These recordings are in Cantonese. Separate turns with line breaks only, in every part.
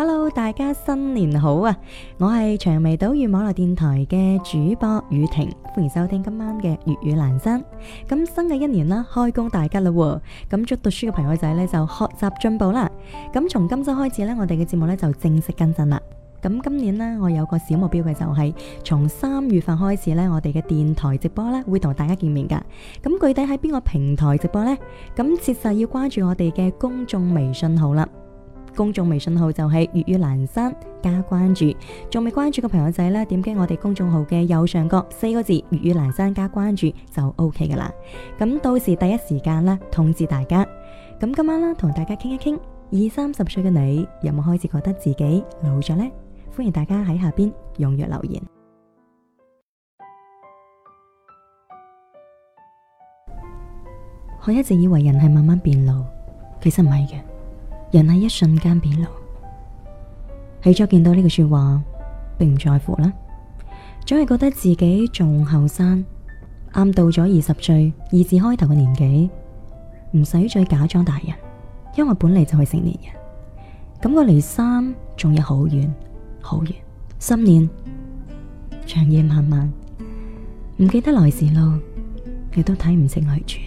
Hello，大家新年好啊！我係長尾島語網絡電台嘅主播雨婷，歡迎收聽今晚嘅粵語蘭生。咁新嘅一年啦，開工大吉啦！咁祝讀書嘅朋友仔咧，就學習進步啦。咁從今周開始咧，我哋嘅節目咧就正式更新啦。咁今年呢，我有個小目標嘅就係從三月份開始咧，我哋嘅電台直播咧會同大家見面噶。咁具體喺邊個平台直播呢？咁切記要關注我哋嘅公眾微信號啦。公眾微信號就係粵語闌珊加關注。仲未關注嘅朋友仔呢，點擊我哋公眾號嘅右上角四個字粵語闌珊加關注就 OK 噶啦。咁到時第一時間呢，通知大家。咁今晚啦，同大家傾一傾，二三十歲嘅你有冇開始覺得自己老咗呢？歡迎大家喺下邊踴躍留言。我一直以為人係慢慢變老，其實唔係嘅。人喺一瞬間變老，起初見到呢個說話並唔在乎啦，總係覺得自己仲後生，啱到咗二十歲二字開頭嘅年紀，唔使再假裝大人，因為本嚟就係成年人。感覺離三仲有好遠好遠，十年長夜漫漫，唔記得來時路，亦都睇唔清去處。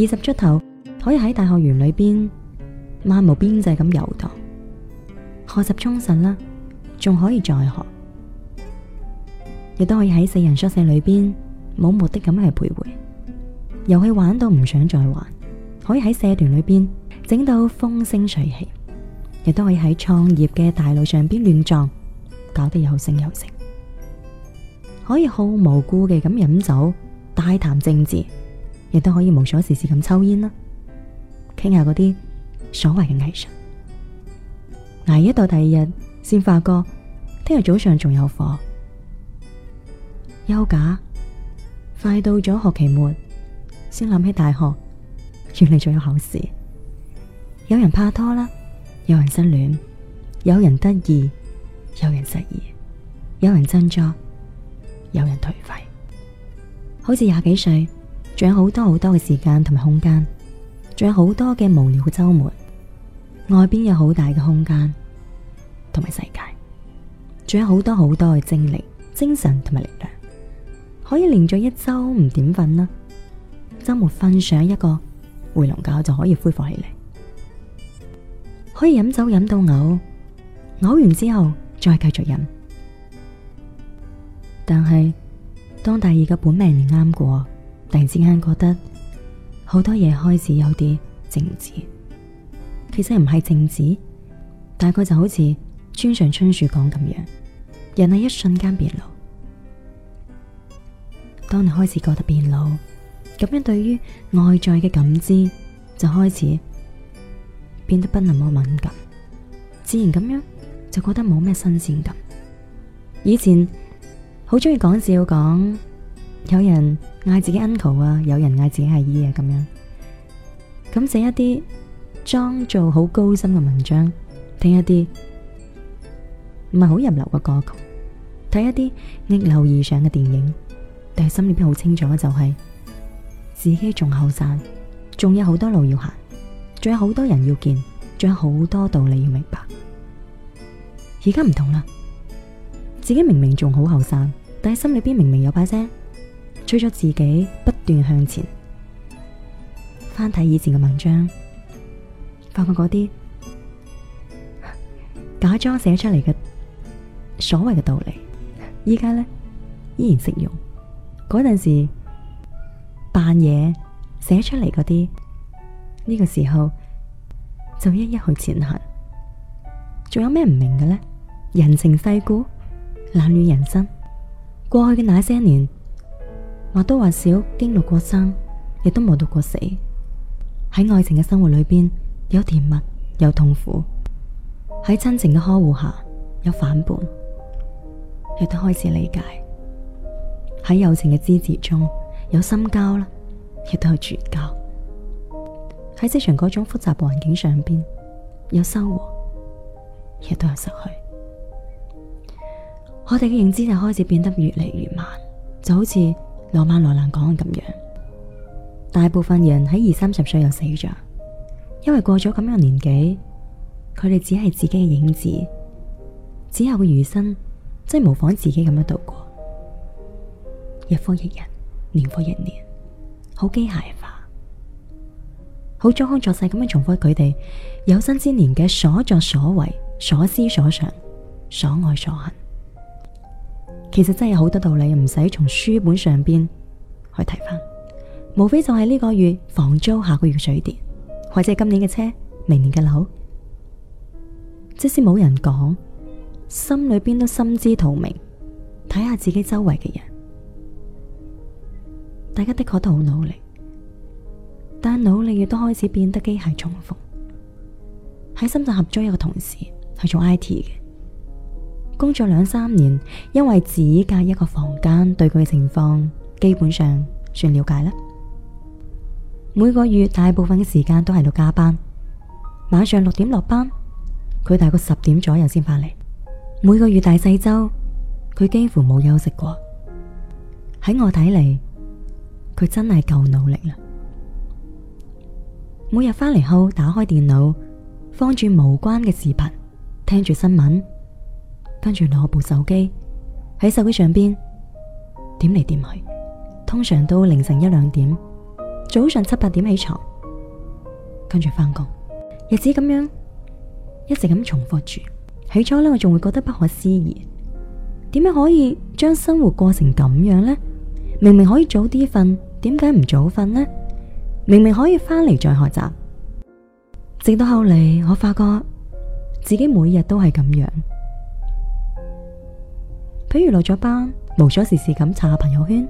二十出頭可以喺大學園裏邊，漫無邊際咁遊蕩，學習充實啦，仲可以再學，亦都可以喺四人宿舍裏邊冇目的咁去徘徊，遊戲玩到唔想再玩，可以喺社團裏邊整到風生水起，亦都可以喺創業嘅大路上邊亂撞，搞得有聲有色，可以毫無顧忌咁飲酒、大談政治，亦都可以無所事事咁抽煙啦，傾下嗰啲。所謂嘅藝術，挨一到第二日先發覺，聽日早上仲有課，休假，快到咗學期末先諗起大學，原嚟仲有考試。有人拍拖啦，有人失戀，有人得意，有人失意，有人振作，有人頹廢。好似廿幾歲，仲有好多好多嘅時間同埋空間，仲有好多嘅無聊嘅周末。外邊有好大嘅空間，同埋世界，仲有好多好多嘅精力、精神同埋力量，可以連續一周唔點瞓啦，周末瞓上一個回籠覺就可以恢復起嚟，可以飲酒飲到嘔，嘔完之後再繼續飲。但係當第二個本命年啱過，突然之間覺得好多嘢開始有啲靜止。其實唔係靜止，大概就好似村上春樹講咁樣，人係一瞬間變老。當你開始覺得變老，咁樣對於外在嘅感知就開始變得不那麼敏感，自然咁樣就覺得冇咩新鮮感。以前好中意講笑講，有人嗌自己 uncle 啊，有人嗌自己阿姨啊，咁樣，咁寫一啲。裝做好高深嘅文章，聽一啲唔係好入流嘅歌曲，睇一啲逆流而上嘅電影，但係心裏邊好清楚嘅就係、是、自己仲後生，仲有好多路要行，仲有好多人要見，仲有好多道理要明白。而家唔同啦，自己明明仲好後生，但係心裏邊明明有把聲，催咗自己不斷向前。翻睇以前嘅文章。包括嗰啲假裝寫出嚟嘅所謂嘅道理，依家呢，依然適用。嗰陣時扮嘢寫出嚟嗰啲，呢、這個時候就一一去前行。仲有咩唔明嘅呢？人情世故、冷暖人生，過去嘅那些年或多或少經歷過生，亦都目睹過死。喺愛情嘅生活裏邊。有甜蜜，有痛苦；喺親情嘅呵護下，有反叛；亦都開始理解；喺友情嘅支持中，有深交啦，亦都有絕交；喺職場嗰種複雜環境上邊，有收穫，亦都有失去。我哋嘅認知就開始變得越嚟越慢，就好似羅曼羅蘭講嘅咁樣，大部分人喺二三十歲又死咗。因為過咗咁樣嘅年紀，佢哋只係自己嘅影子，之後嘅餘生即係模仿自己咁樣度過，日復一日，年復一年，好機械化，好裝腔作勢咁樣重複佢哋有生之年嘅所作所為、所思所想、所愛所恨。其實真係好多道理唔使從書本上邊去提翻，無非就係呢個月房租，下個月嘅水電。或者今年嘅車，明年嘅樓，即使冇人講，心裏邊都心知肚明。睇下自己周圍嘅人，大家的確都好努力，但努力亦都開始變得機械重複。喺深圳合租一個同事係做 IT 嘅，工作兩三年，因為只隔一個房間，對佢嘅情況基本上算了解啦。每個月大部分嘅時間都喺度加班。晚上六點落班，佢大概十點左右先翻嚟。每個月大細週，佢幾乎冇休息過。喺我睇嚟，佢真係夠努力啦。每日翻嚟後，打開電腦，放住無關嘅視頻，聽住新聞，跟住攞部手機。喺手機上，點嚟點去。通常都凌晨一兩點。早上七八點起床，跟住翻工，日子咁樣一直咁重複住。起初呢，我仲會覺得不可思議，點樣可以將生活過成咁樣呢？明明可以早啲瞓，點解唔早瞓呢？明明可以翻嚟再學習。直到後嚟，我發覺自己每日都係咁樣。譬如落咗班，無所事事咁查下朋友圈，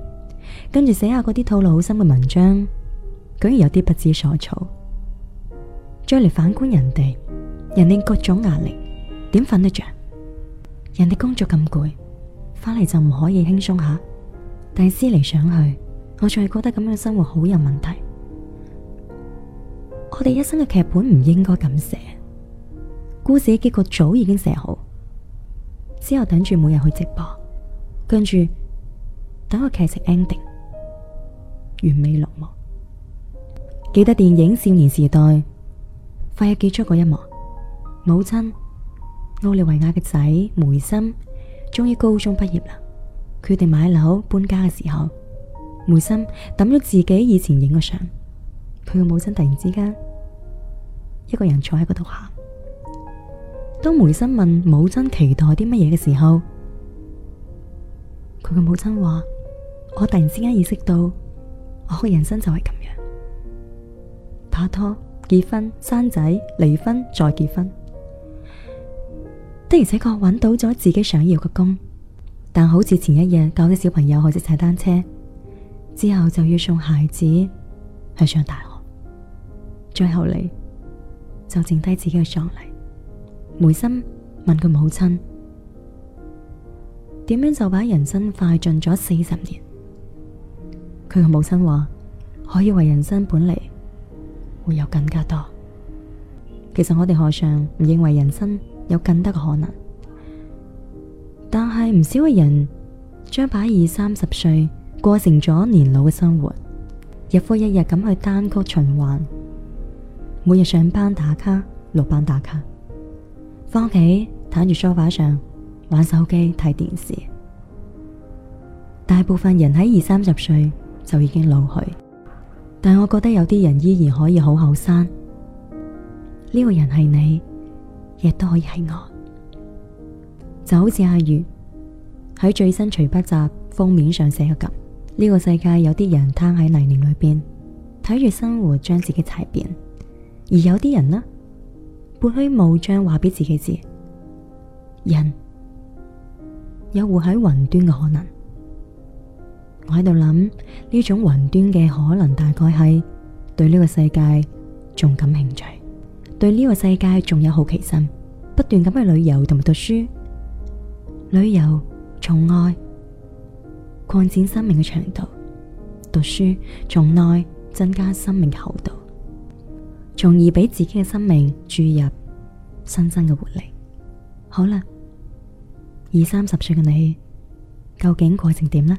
跟住寫下嗰啲套路好深嘅文章。居然有啲不知所措，再嚟反觀人哋，人哋各種壓力點瞓得着？人哋工作咁攰，翻嚟就唔可以輕鬆下？但係思嚟想去，我仲係覺得咁樣生活好有問題。我哋一生嘅劇本唔應該咁寫，故事嘅結局早已經寫好，之後等住每日去直播，跟住等個劇情 ending 完美落幕。記得電影《少年時代》快日結束嗰一幕，母親奧利維亞嘅仔梅森終於高中畢業啦。佢哋買樓搬家嘅時候，梅森抌咗自己以前影嘅相。佢嘅母親突然之間一個人坐喺嗰度喊。當梅森問母親期待啲乜嘢嘅時候，佢嘅母親話：我突然之間意識到，我嘅人生就係咁樣。拍拖、結婚、生仔、離婚、再結婚。的而且確揾到咗自己想要嘅工，但好似前一日教啲小朋友學識踩單車之後，就要送孩子去上大學，最後嚟就剩低自己嘅喪禮。梅森問佢母親：點樣就把人生快進咗四十年？佢嘅母親話：可以為人生本嚟。會有更加多。其實我哋何嘗唔認為人生有更多嘅可能，但係唔少嘅人將把二三十歲過成咗年老嘅生活，日復一日咁去單曲循環，每日上班打卡、落班打卡，翻屋企躺住梳化上玩手機、睇電視。大部分人喺二三十歲就已經老去。但我覺得有啲人依然可以好後生，呢個人係你，亦都可以係我。就好似阿月喺最新隨筆集封面上寫嘅咁，呢個世界有啲人癱喺泥濘裏邊，睇住，生活將自己踩扁，而有啲人呢，撥開虛無將話俾自己知，人有活喺雲端嘅可能。我喺度諗呢種雲端嘅可能，大概係對呢個世界仲感興趣，對呢個世界仲有好奇心，不斷咁去旅遊同埋讀書，旅遊從外擴展生命嘅長度，讀書從內增加生命嘅厚度，從而俾自己嘅生命注入新生嘅活力。好啦，二三十歲嘅你究竟過成點呢？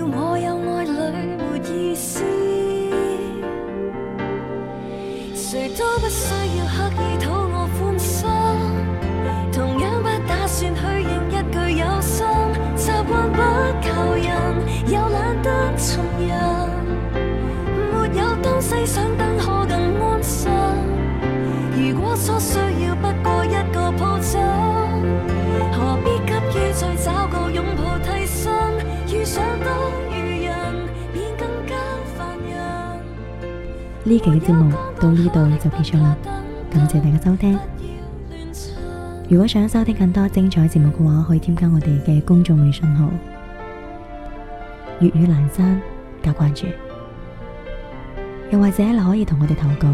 呢期嘅節目到呢度就結束啦，感謝大家收聽。如果想收聽更多精彩節目嘅話，可以添加我哋嘅公眾微信號“粵語闌珊”加關注，又或者你可以同我哋投稿，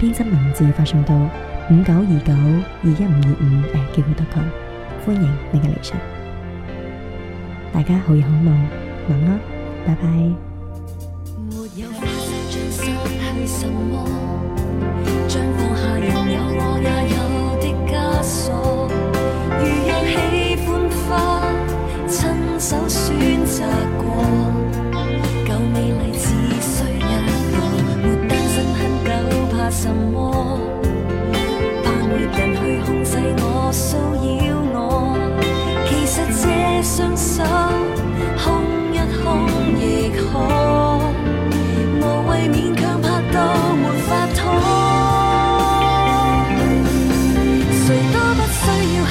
編輯文字發送到五九二九二一五二五誒，叫佢得佢，歡迎你嘅嚟信。大家好夜好夢，晚安，啊，拜拜。